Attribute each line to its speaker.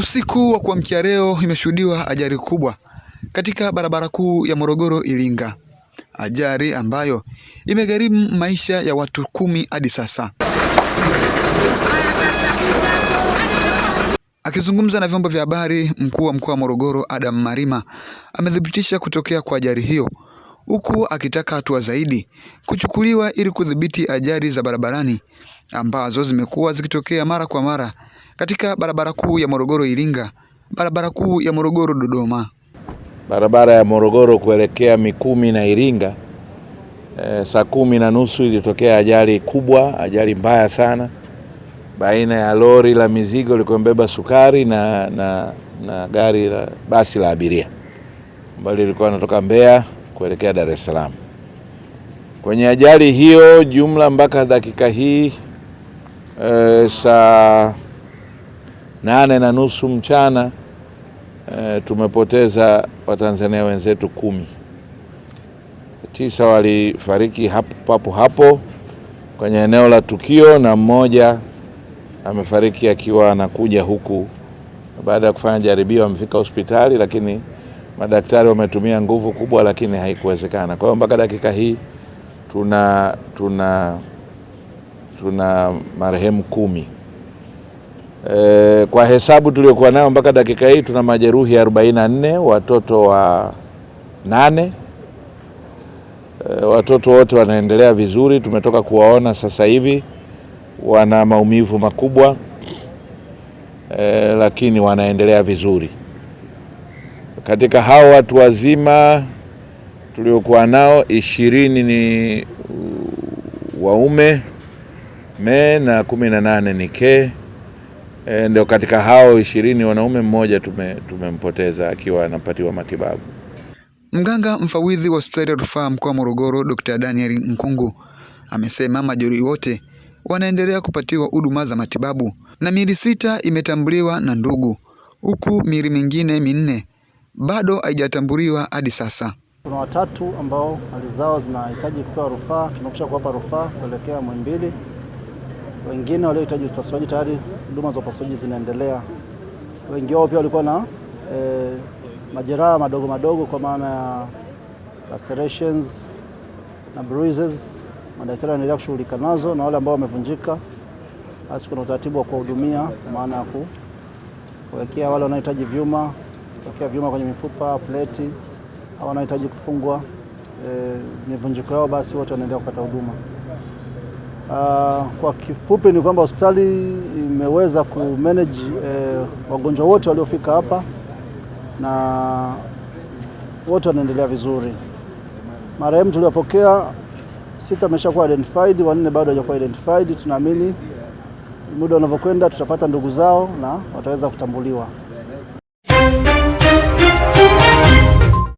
Speaker 1: Usiku wa kuamkia leo imeshuhudiwa ajali kubwa katika barabara kuu ya Morogoro Iringa, ajali ambayo imegharimu maisha ya watu kumi hadi sasa. Akizungumza na vyombo vya habari, mkuu wa mkoa wa Morogoro Adam marima amethibitisha kutokea kwa ajali hiyo, huku akitaka hatua zaidi kuchukuliwa ili kudhibiti ajali za barabarani ambazo zimekuwa zikitokea mara kwa mara katika barabara kuu ya Morogoro Iringa, barabara kuu ya Morogoro Dodoma,
Speaker 2: barabara ya Morogoro kuelekea Mikumi na Iringa. E, saa kumi na nusu ilitokea ajali kubwa, ajali mbaya sana baina ya lori la mizigo likombeba sukari na, na, na gari la basi la abiria ambalo lilikuwa linatoka Mbeya kuelekea Dar es Salaam. Kwenye ajali hiyo jumla mpaka dakika hii e, saa nane na nusu mchana e, tumepoteza Watanzania wenzetu kumi. Tisa walifariki hapo papo hapo kwenye eneo la tukio na mmoja amefariki akiwa anakuja huku baada ya kufanya jaribio, amefika hospitali lakini madaktari wametumia nguvu kubwa, lakini haikuwezekana. Kwa hiyo mpaka dakika hii tuna, tuna, tuna marehemu kumi. E, kwa hesabu tuliokuwa nayo mpaka dakika hii tuna majeruhi 44, watoto wa nane. E, watoto wote wanaendelea vizuri, tumetoka kuwaona sasa hivi, wana maumivu makubwa e, lakini wanaendelea vizuri. Katika hao watu wazima tuliokuwa nao ishirini ni waume me na kumi na nane ni ke E, ndio katika hao ishirini wanaume mmoja tume, tumempoteza akiwa anapatiwa matibabu.
Speaker 1: Mganga mfawidhi wa hospitali ya rufaa mkoa wa Morogoro Dr. Daniel Nkungu amesema majeruhi wote wanaendelea kupatiwa huduma za matibabu na miili sita imetambuliwa na ndugu, huku miili mingine minne bado haijatambuliwa hadi sasa.
Speaker 3: Kuna watatu ambao hali zao zinahitaji kupewa rufaa, tumekusha kuwapa rufaa kuelekea Muhimbili wengine waliohitaji upasuaji tayari huduma za upasuaji zinaendelea. Wengi wao pia walikuwa na e, majeraha madogo madogo kwa maana ya lacerations na bruises, madaktari wanaendelea kushughulika nazo, na wale ambao wamevunjika, basi kuna utaratibu wa kuwahudumia kwa maana ya kuwekea wale wanaohitaji vyuma, kuwekea vyuma kwenye mifupa, pleti, au wanaohitaji kufungwa e, mivunjiko yao, basi wote wanaendelea kupata huduma. Uh, kwa kifupi ni kwamba hospitali imeweza kumanage eh, wagonjwa wote waliofika hapa na wote wanaendelea vizuri. Marehemu tuliopokea sita ameshakuwa identified, wanne bado hawajakuwa identified. Tunaamini muda unavyokwenda tutapata ndugu zao na wataweza kutambuliwa.